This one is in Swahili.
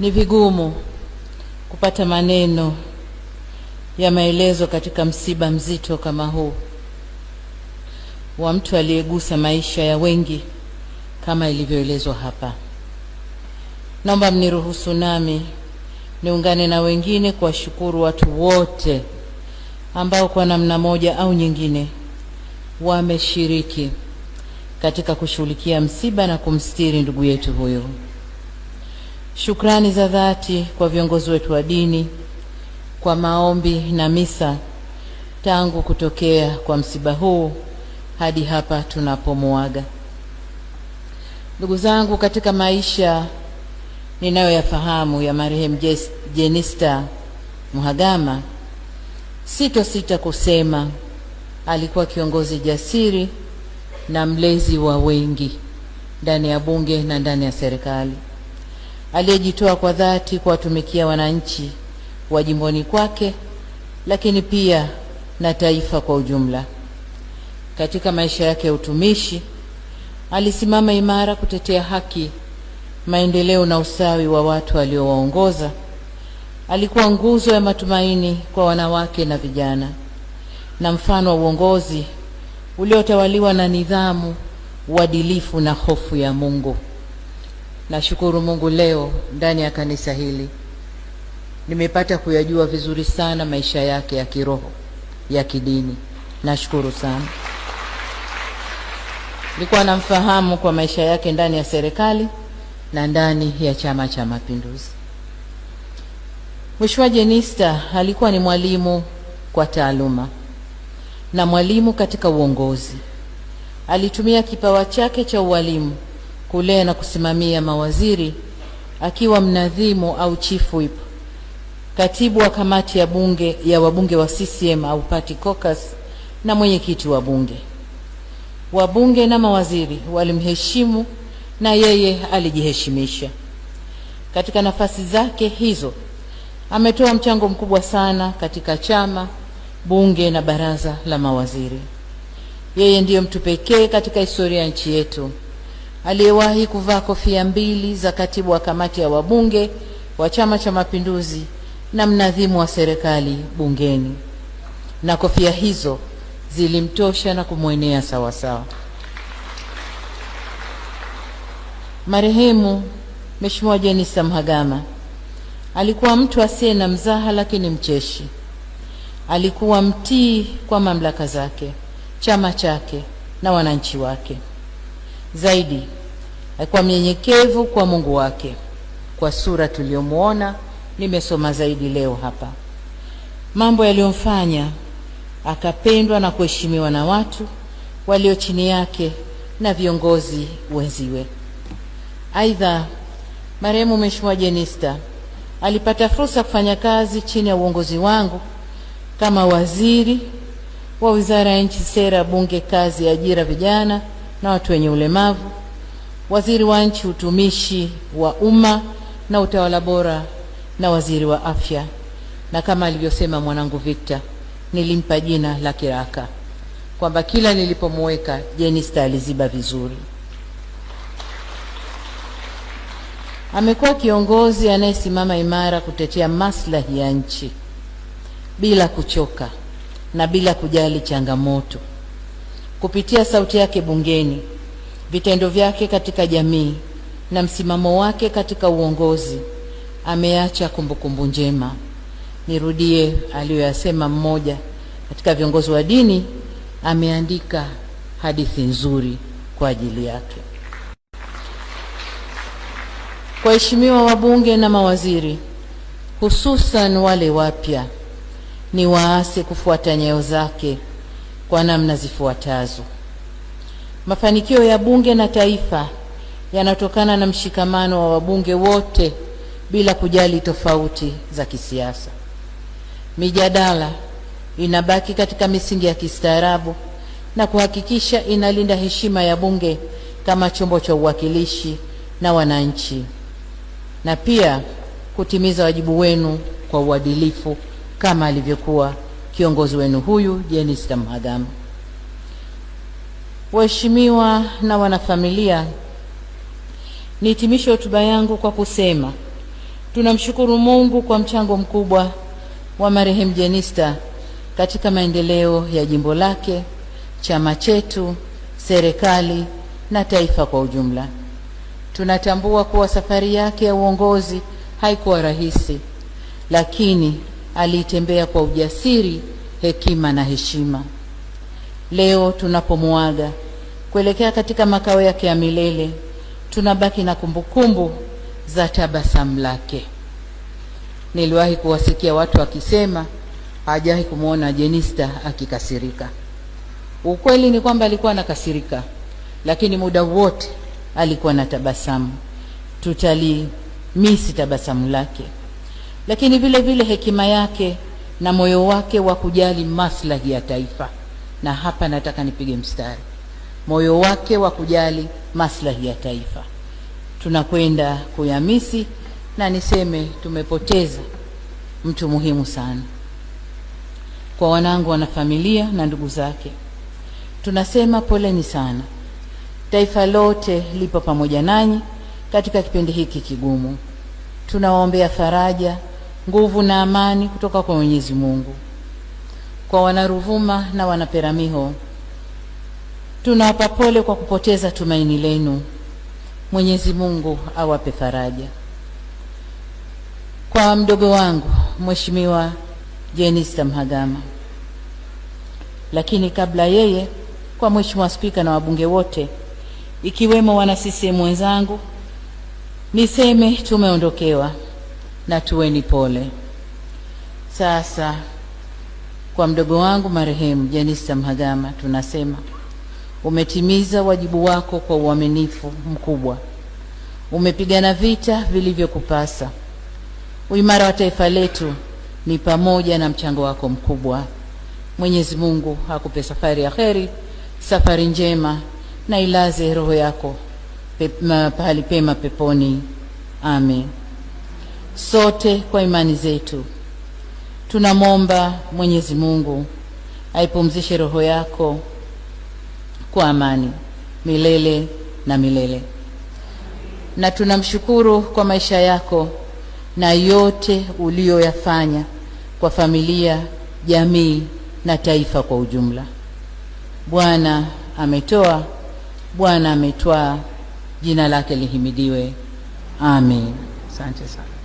Ni vigumu kupata maneno ya maelezo katika msiba mzito kama huu wa mtu aliyegusa maisha ya wengi kama ilivyoelezwa hapa. Naomba mniruhusu nami niungane na wengine kuwashukuru watu wote ambao kwa namna moja au nyingine wameshiriki katika kushughulikia msiba na kumstiri ndugu yetu huyu. Shukrani za dhati kwa viongozi wetu wa dini kwa maombi na misa tangu kutokea kwa msiba huu hadi hapa tunapomuaga. Ndugu zangu, katika maisha ninayoyafahamu ya marehemu Jenista Mhagama, sita kusema alikuwa kiongozi jasiri na mlezi wa wengi ndani ya bunge na ndani ya serikali aliyejitoa kwa dhati kuwatumikia wananchi wa jimboni kwake, lakini pia na taifa kwa ujumla. Katika maisha yake ya utumishi alisimama imara kutetea haki, maendeleo na usawi wa watu aliowaongoza. Alikuwa nguzo ya matumaini kwa wanawake na vijana na mfano wa uongozi uliotawaliwa na nidhamu, uadilifu na hofu ya Mungu. Nashukuru Mungu leo ndani ya kanisa hili nimepata kuyajua vizuri sana maisha yake ya kiroho ya kidini. Nashukuru sana. Nilikuwa namfahamu kwa maisha yake ndani ya serikali na ndani ya Chama cha Mapinduzi. Mheshimiwa Jenista alikuwa ni mwalimu kwa taaluma na mwalimu katika uongozi. Alitumia kipawa chake cha ualimu kulea na kusimamia mawaziri akiwa mnadhimu au chief whip, katibu wa kamati ya bunge ya wabunge wa CCM au party caucus na mwenyekiti wa bunge. Wabunge na mawaziri walimheshimu na yeye alijiheshimisha. Katika nafasi zake hizo ametoa mchango mkubwa sana katika chama, bunge na baraza la mawaziri. Yeye ndiyo mtu pekee katika historia ya nchi yetu aliyewahi kuvaa kofia mbili za katibu wa kamati ya wabunge wa Chama cha Mapinduzi na mnadhimu wa serikali bungeni, na kofia hizo zilimtosha na kumwenea sawasawa. Marehemu Mheshimiwa Jenista Mhagama alikuwa mtu asiye na mzaha, lakini mcheshi. Alikuwa mtii kwa mamlaka zake, chama chake na wananchi wake. Zaidi alikuwa mnyenyekevu kwa Mungu wake, kwa sura tuliyomwona. Nimesoma zaidi leo hapa mambo yaliyomfanya akapendwa na kuheshimiwa na watu walio chini yake na viongozi wenziwe. Aidha, marehemu Mheshimiwa Jenista alipata fursa ya kufanya kazi chini ya uongozi wangu kama waziri wa Wizara ya Nchi, Sera, Bunge, Kazi, Ajira, Vijana na watu wenye ulemavu, waziri wa nchi, utumishi wa umma na utawala bora, na waziri wa afya. Na kama alivyosema mwanangu Victor, nilimpa jina la kiraka kwamba kila nilipomweka Jenista aliziba vizuri. Amekuwa kiongozi anayesimama imara kutetea maslahi ya nchi bila kuchoka na bila kujali changamoto kupitia sauti yake bungeni, vitendo vyake katika jamii na msimamo wake katika uongozi ameacha kumbukumbu njema. Nirudie aliyoyasema mmoja katika viongozi wa dini, ameandika hadithi nzuri kwa ajili yake. kwa Waheshimiwa wabunge na mawaziri, hususan wale wapya, ni waase kufuata nyayo zake kwa namna zifuatazo. Mafanikio ya bunge na taifa yanatokana na mshikamano wa wabunge wote bila kujali tofauti za kisiasa. Mijadala inabaki katika misingi ya kistaarabu na kuhakikisha inalinda heshima ya bunge kama chombo cha uwakilishi na wananchi, na pia kutimiza wajibu wenu kwa uadilifu kama alivyokuwa kiongozi wenu huyu Jenista Mhagama. Waheshimiwa na wanafamilia, nihitimishe hotuba yangu kwa kusema tunamshukuru Mungu kwa mchango mkubwa wa marehemu Jenista katika maendeleo ya jimbo lake, chama chetu, serikali na taifa kwa ujumla. Tunatambua kuwa safari yake ya uongozi haikuwa rahisi, lakini aliitembea kwa ujasiri, hekima na heshima. Leo tunapomwaga kuelekea katika makao yake ya milele, tunabaki na kumbukumbu za tabasamu lake. Niliwahi kuwasikia watu wakisema hajawahi kumwona Jenista akikasirika. Ukweli ni kwamba alikuwa anakasirika, lakini muda wote alikuwa na tabasamu. Tutalimisi tabasamu lake lakini vile vile hekima yake na moyo wake wa kujali maslahi ya taifa. Na hapa nataka nipige mstari, moyo wake wa kujali maslahi ya taifa. Tunakwenda kuyamisi, na niseme tumepoteza mtu muhimu sana kwa wanangu, wanafamilia na ndugu zake. Tunasema poleni sana, taifa lote lipo pamoja nanyi katika kipindi hiki kigumu. Tunawaombea faraja nguvu na amani kutoka kwa Mwenyezi Mungu. Kwa Wanaruvuma na Wanaperamiho, tunawapa pole kwa kupoteza tumaini lenu. Mwenyezi Mungu awape faraja. Kwa mdogo wangu Mheshimiwa Jenista Mhagama, lakini kabla yeye, kwa Mheshimiwa Spika na wabunge wote ikiwemo wana CCM wenzangu, niseme tumeondokewa na tuweni pole. Sasa kwa mdogo wangu marehemu Jenista Mhagama tunasema umetimiza wajibu wako kwa uaminifu mkubwa, umepigana vita vilivyokupasa. Uimara wa taifa letu ni pamoja na mchango wako mkubwa. Mwenyezi Mungu akupe safari ya kheri, safari njema, na ilaze roho yako pahali pema peponi. Amen sote kwa imani zetu. Tunamwomba Mwenyezi Mungu aipumzishe roho yako kwa amani milele na milele, na tunamshukuru kwa maisha yako na yote uliyoyafanya kwa familia, jamii na taifa kwa ujumla. Bwana ametoa, Bwana ametwaa, jina lake lihimidiwe. Amen. Asante sana.